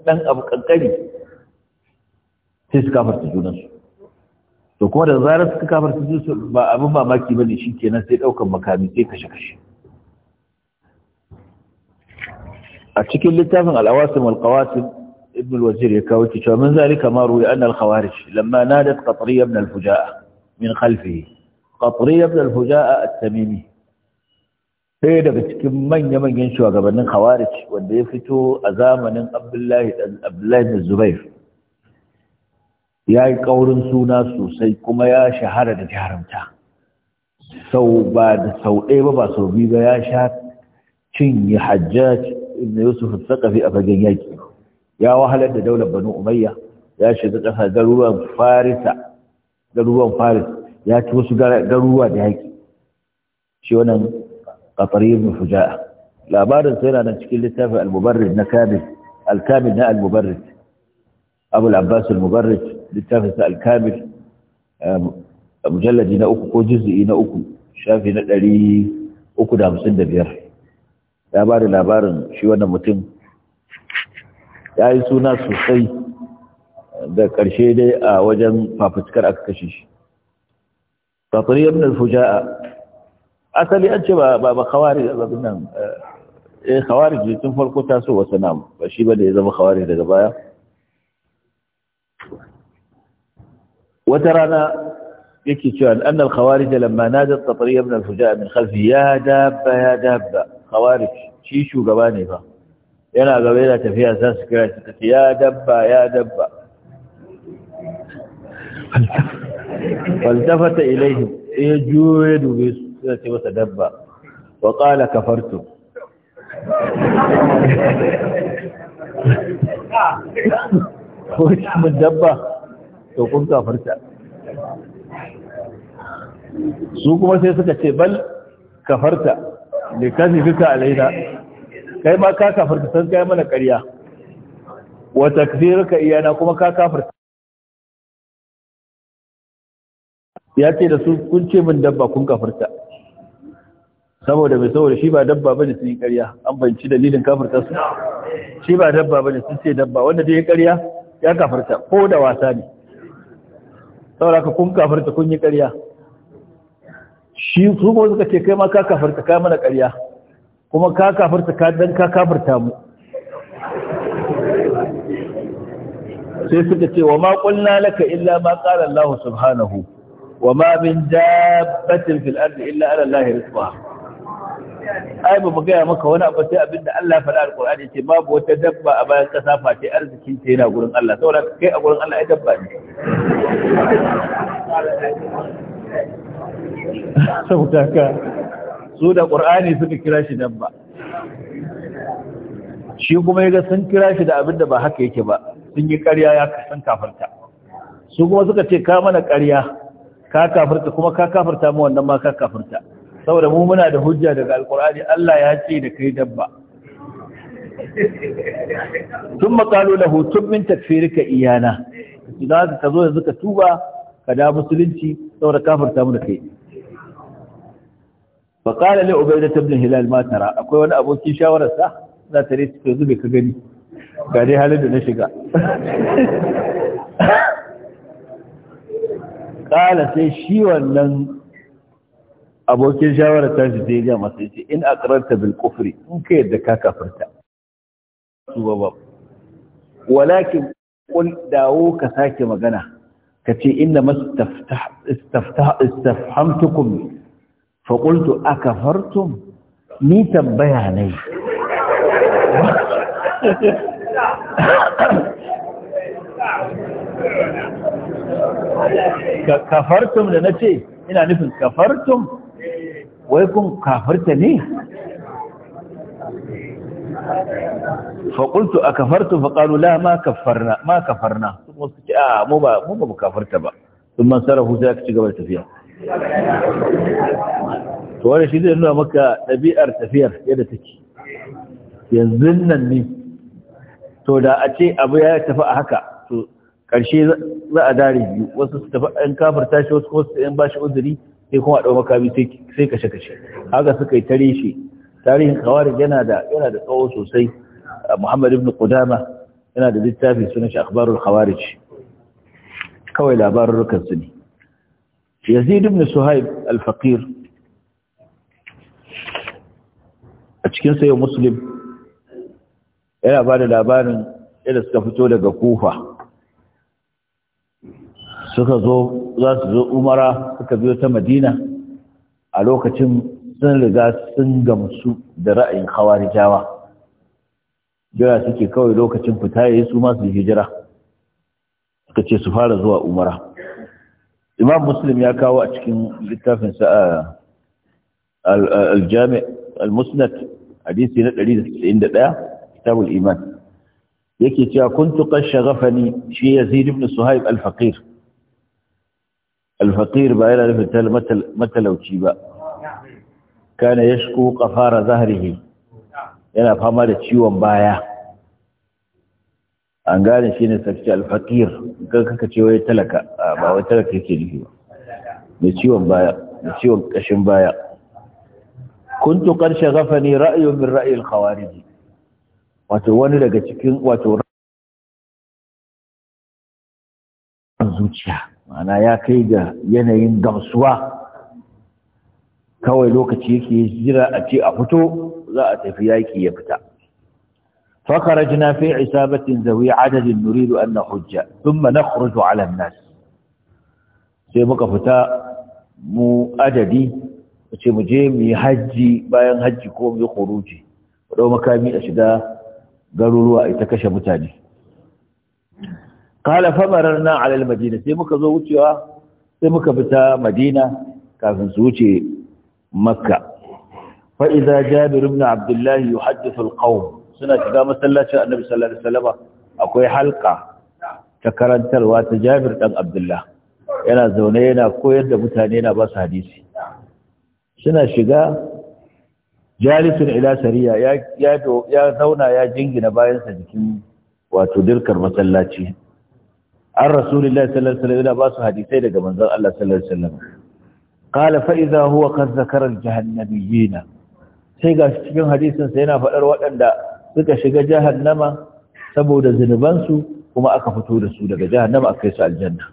dan abu kankari sai su kafarta junansu to kuma da zarar suka kafarta junansu ba abin mamaki ba ne shi kenan sai ɗaukar makami sai kashe-kashe a cikin littafin al'awasim al-qawasim ibn al-wazir ya kawo cewa min zalika ma ruwi anna al-khawarij lamma nadat qatriya ibn al-fuja'a min khalfihi qatriya ibn al-fuja'a at-tamimi ɗaya daga cikin manya-manyan shugabannin khawarij wanda ya fito a zamanin abdullahi abdullahi zubair ya yi ƙaurin suna sosai kuma ya shahara da jarumta sau ba da sau ɗaya ba ba sau biyu ba ya sha cin yi hajjaj inda yusuf sakafi a fagen yaƙi ya wahalar da daular banu umayya ya shiga ƙasa garuruwan farisa garuruwan faris ya ci wasu garuruwa da yaƙi shi wannan qatari ibn fuja'a labarin sai yana cikin littafin al-mubarrid na kamil al-kamil na al-mubarrid abu al-abbas al al-kamil um, mujalladi na uku ko juz'i na uku shafi na 355 ya bada labarin shi wannan mutum ya yi suna sosai uh, da ƙarshe dai a wajen kar aka kashe shi. fujaa asali an ce ba ba khawari da zabin nan eh, eh khawari ji tun farko taso wasu nan ba shi ba da ya zama khawari daga baya wata rana yake cewa annal khawarij lamma nada tatri ibn al-fujaa min khalfi ya dabba ya dabba khawarij shi shugaba ne fa yana gaba yana tafiya za su kira shi tafiya ya dabba ya dabba faltafata ilaihi ya juye ya su zai ce masa dabba wa qala kafartu ko shi mun dabba to kun kafarta su kuma sai suka ce bal kafarta ne kazi fika alaina kai ma ka kafarta san kai mana ƙarya wa takfiruka iyana kuma ka kafarta ya ce da su kun ce min dabba kun kafarta saboda mai saboda shi ba dabba bane sun yi ƙarya an banci dalilin kafirta su shi ba dabba bane sun ce dabba wanda ta ya ƙarya ya kafirta ko da wasa ne saboda ka kun kafirta kun yi ƙarya shi su kuma suka ce kai ma ka kafirta ka mana ƙarya kuma ka kafirta ka dan ka kafirta mu sai suka ce wa ma qulna laka illa ma qala Allah subhanahu wa ma min dabbatin fil ardi illa ala Allah rizqaha ai ba mu gaya maka wani abu sai abin da Allah faɗa Alqur'ani ce babu wata dabba a bayan ƙasa face arzikin ta yana gurin Allah saboda kai a gurin Allah ai dabba ne saboda ka su da ƙur'ani suka kira shi dabba shi kuma yaga sun kira shi da abin da ba haka yake ba sun yi ƙarya ya san kafarta su kuma suka ce ka mana ƙarya ka kafarta kuma ka kafarta mu wannan ma ka kafarta saboda mu muna da hujja daga alkur'ani Allah ya ce da kai dabba Tun makalo da hutun min ka iyana idan ka zo yanzu ka tuba ka da musulunci saboda kafarta mu da kai fa ne li da tabbin hilal matara. akwai wani abokin shawarar sa za ta rike ta ka gani ga dai halin da na shiga Ƙala sai shi wannan abokin shawarar ta shi sai masu masa yace in aqrarta bil bilkufri in ka yadda ka kafarta. su ba walakin kun dawo ka sake magana ka ce inda istaftah istafhamtukum fa a akafartum ni tambaya ne kafartum da ce ina nufin kafartum wai kun kafarta ne faƙultu a kafartu faƙalu la ma kafarna ma kafarna sun wasu ce a mu ba mu ba kafarta ba sun man sarrafu sai aka ci gaba da tafiya to wani shi zai nuna maka ɗabi'ar tafiyar yadda take yanzu nan ne to da a ce abu ya tafi a haka to ƙarshe za a dare biyu wasu su tafi ɗan kafarta shi wasu kuma su ɗan ba shi uzuri sai kuma a ɗau makami sai kashe kashe haka suka yi tare shi tarihin kawarin yana da yana da tsawo sosai muhammad ibn kudama yana da littafi suna shi akhbarul khawarij kawai labarurrukan su ne yazid ibn suhaib al-faqir a cikin sayo muslim yana ba da labarin yadda suka fito daga kufa suka zo za su zo umara suka biyo ta madina a lokacin sun riga sun gamsu da ra'ayin khawarijawa jira suke kawai lokacin fita yayi su masu hijira suka ce su fara zuwa umara imam muslim ya kawo a cikin littafin sa al-jami' al-musnad hadisi na 191 kitabul iman yake cewa kuntu qashagafani shi yazid ibn suhaib al-faqir alfaqir ba yana nufin matalauci ba kana ya shiko kafara zahrihi yana fama da ciwon baya an gane shi ne sarki alfaqir kan kaka ce wai talaka ba wai talaka yake nufi ba da ciwon baya da ciwon kashin baya kuntu karshe gafani ra'ayin min ra'ayin khawariji wato wani daga cikin wato zuciya ma'ana ya kai ga yanayin gamsuwa kawai lokaci yake jira a ce a fito za a tafi yaki ya fita fi في zawi adadin nuridu an hujja نخرج ثم نخرج على الناس sai muka fita mu adadi ce mu je mu yi hajji bayan hajji ko mu yi kuruji ɗau makami a shiga garuruwa ita kashe mutane kala famarar na alal madina sai muka zo wucewa sai muka fita madina kafin su wuce makka fa'iza jabir ibn abdullahi yuhaddithu alqawm suna shiga masallacin annabi sallallahu alaihi wasallam akwai halka ta karantarwa ta jabir dan abdullah yana zaune yana koyar da mutane yana ba su hadisi suna shiga jalisun ila sariya ya zauna ya jingina bayansa jikin wato dirkar masallaci an rasulullah sallallahu alaihi wasallam ba su hadisai daga manzon Allah sallallahu alaihi wasallam qala fa idha huwa qad zakara al sai ga cikin hadisin sa yana fadar waɗanda suka shiga jahannama saboda zinuban su kuma aka fito da su daga jahannama aka kai su aljanna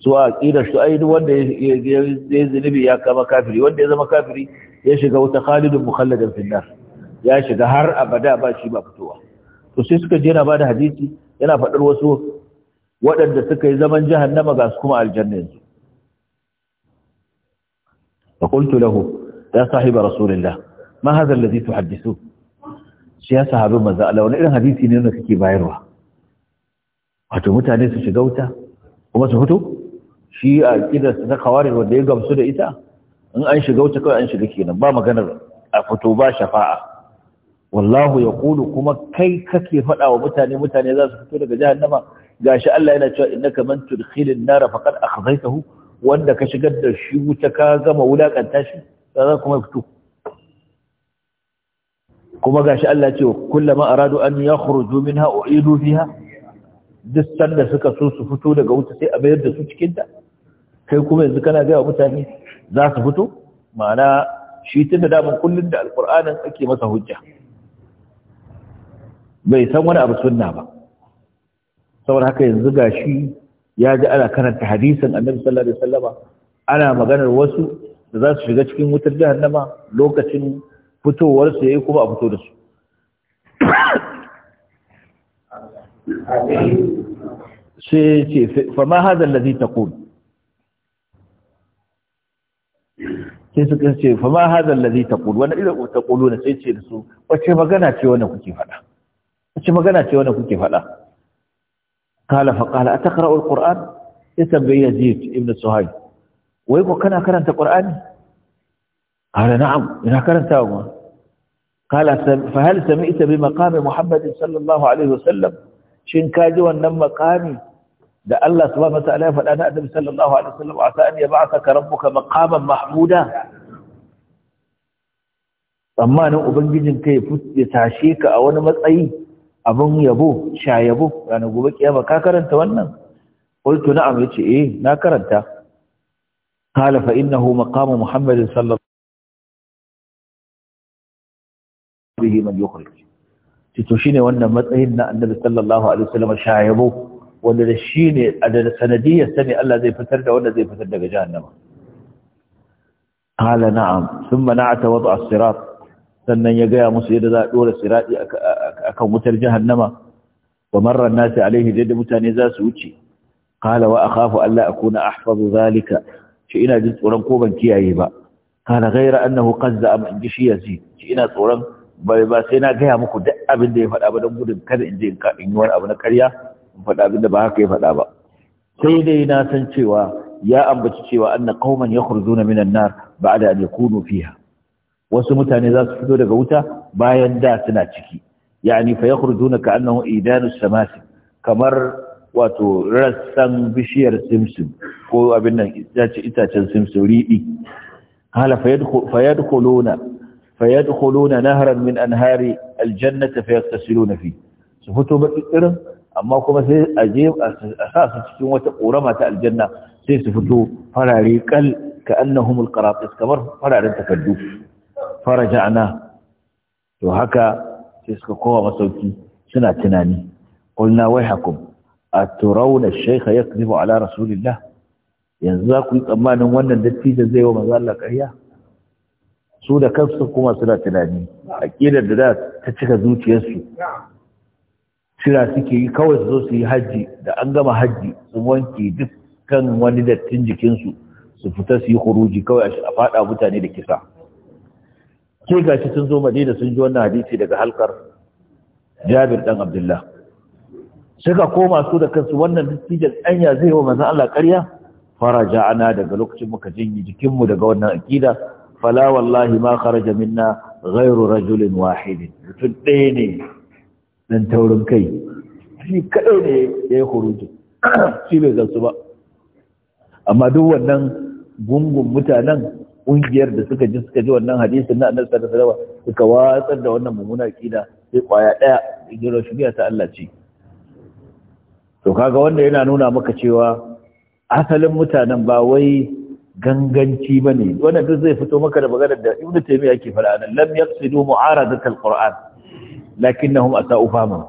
su a aqidar su ai wanda ya zinubi ya kama kafiri wanda ya zama kafiri ya shiga wata khalidun mukhalladan fil ya shiga har abada ba shi ba fitowa to sai suka je yana ba da hadisi yana faɗar wasu waɗanda suka yi zaman jahannama ga su kuma aljanna yanzu fa qultu lahu ya sahiba rasulillah ma da alladhi tuhaddithu shi ya sahabi Maza. Allah wani irin hadisi ne wanda kake bayarwa wato mutane su shiga wuta kuma su fito shi a kidar ta kawarin wanda ya gamsu da ita in an shiga wuta kawai an shiga kenan ba maganar a fito ba shafa'a wallahu ya kulu kuma kai kake faɗa wa mutane mutane za su fito daga jahannama Ga shi Allah yana cewa ka man tudkhilin nar faqad akhzaytahu wanda ka shigar da shi wuta ka gama wulakanta shi za kuma fito kuma gashi Allah ce kullama aradu an yakhruju minha u'idu fiha duk sanda suka so su fito daga wuta sai a bayar da su cikin ta kai kuma yanzu kana ga mutane za su fito ma'ana shi tunda da mun kullun da alqur'anin ake masa hujja bai san wani abu sunna ba saboda haka yanzu ga shi ya ji ana karanta hadisin annabi sallallahu alaihi wasallama ana maganar wasu da za su shiga cikin wutar jahannama lokacin fitowar su yayi kuma a fito da su sai ce fa ma hadha alladhi taqul sai suka ce fa ma hadha alladhi taqul wani irin taquluna sai ce da su wace magana ce wannan kuke faɗa wace magana ce wannan kuke faɗa قال فقال أتقرأ القرآن يتبع يزيد ابن سهيل ويقول كان أكرنت قرآن قال نعم إن أكرنت قال فهل سمعت بمقام محمد صلى الله عليه وسلم شن كاجوا نم مقامي دا الله سبحانه وتعالى فالآن أدب صلى الله عليه وسلم عسى أن يبعثك ربك مقاما محمودا أما نؤبن كيف يتعشيك أو نمت أيه abun yabo sha yabo ranar gobe kiyama ka karanta wannan qultu na'am yace eh na karanta qala fa innahu maqam muhammad sallallahu bihi man yukhrij to shine wannan matsayin na annabi sallallahu alaihi wasallam sha yabo wanda da shine da sanadiyar sani Allah zai fitar da wanda zai fitar daga jahannama قال نعم ثم نعت وضع الصراط sannan ya gaya musu yadda za a ɗora siraɗi akan wutar jahannama wa marra nasi alaihi da mutane za su wuce qala wa akhafu alla akuna ahfazu zalika shi ina jin tsoron ko ban kiyaye ba kana ghaira annahu qazza am inji shi yazi shi ina tsoron Ba ba sai na gaya muku duk abin da ya faɗa ba don gudun kada in je in ka in yi wani abu na ƙarya in faɗa abin da ba haka ya faɗa ba sai dai na san cewa ya ambaci cewa anna qauman yakhrujuna minan nar ba'da an yakunu fiha wasu mutane za su fito daga wuta bayan da suna ciki يعني فيخرجون كأنه إيدان السماس كمر وترسن بشير سمسم قولوا أبنى إتاة سمسم ريئي قال فيدخل فيدخلون فيدخلون نهرا من أنهار الجنة فيغتسلون فيه سفتوا بك إرم أما كما سيجيب أساس سفتوا وتقورمة الجنة سيسفتوا فلا ريكل كأنهم القراطس كمر فلا تكدو الدوش فرجعنا وهكذا sai suka kowa masauki suna tunani qulna wayhakum aturauna ash-shaykha yakdhibu ala rasulillah yanzu za ku yi tsammanin wannan dattijan zai wa manzo Allah ƙarya su da kansu kuma suna tunani aqidar da za ta cika zuciyarsu shira suke yi kawai su zo su yi hajji da an gama hajji su wanke dukkan wani dattin jikinsu su fita su yi huruji kawai a faɗa mutane da kisa ke gashi sun zo madina sun ji wannan hadisi daga halkar jabir dan abdullah suka koma su da kansu wannan dattijan anya zai wa manzon Allah ƙarya faraja ana daga lokacin muka jinyi jikinmu daga wannan akida fala wallahi ma kharaja minna ghairu rajulin wahidin mutum ɗaya ne dan taurin kai shi kadai ne ya yi huruji shi bai gansu ba amma duk wannan gungun mutanen kungiyar da suka ji suka ji wannan hadisin na annabi sallallahu alaihi wasallam suka watsar da wannan mummuna kida sai kwaya daya idan shari'a ta Allah ce to kaga wanda yana nuna maka cewa asalin mutanen ba wai ganganci bane wannan duk zai fito maka da maganar da Ibn Taymiyyah yake fara anan lam yaqsidu mu'aradat al-Qur'an lakinnahum asa'u fahma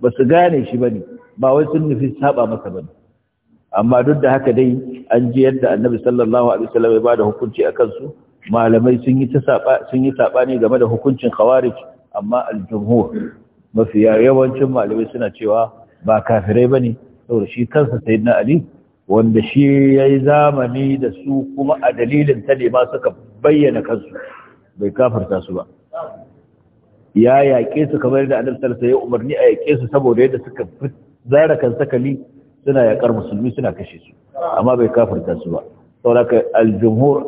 basu gane shi bane ba wai sun nufi saba masa bane amma duk da haka dai an ji yadda annabi sallallahu alaihi wasallam ya bada hukunci akan su malamai sun yi ta sun yi sabani game da hukuncin khawarij amma al-jumhur mafi yawancin malamai suna cewa ba kafirai bane saboda shi kansa sayyidina ali wanda shi yayi zamani da su kuma a dalilin ta ne ma suka bayyana kansu bai kafirta su ba ya yaƙe su kamar da annabi sallallahu alaihi wasallam ya umarni a yaƙe su saboda yadda suka zara kan sakali suna yakar musulmi suna kashe su amma bai kafirta su ba sauraka aljumhur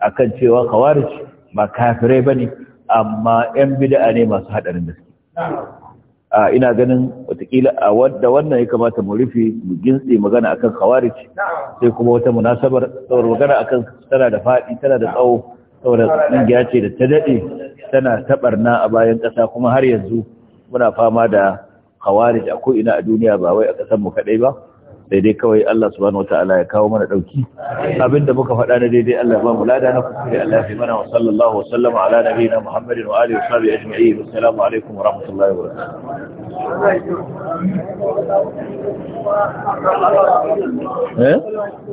akan cewa khawarij ba kafirai bane amma yan bida'a ne masu hadarin su. a ina ganin watakila a wadda wannan ya kamata mu rufe mu gintse magana akan khawarij sai kuma wata munasabar saboda magana akan tana da fadi tana da tsawo saboda kungiya ce da ta dade tana taɓarna a bayan kasa kuma har yanzu muna fama da khawarij a ko'ina a duniya ba wai a kasar mu kadai ba daidai kawai Allah subhanahu wataala ya kawo mana dauki abinda muka faɗa na daidai Allah ya ba mu lada na kuskure Allah fi mana wa sallallahu wa sallama ala nabiyina Muhammadin wa alihi wa sahbihi Wa assalamu alaikum wa rahmatullahi wa barakatuh eh?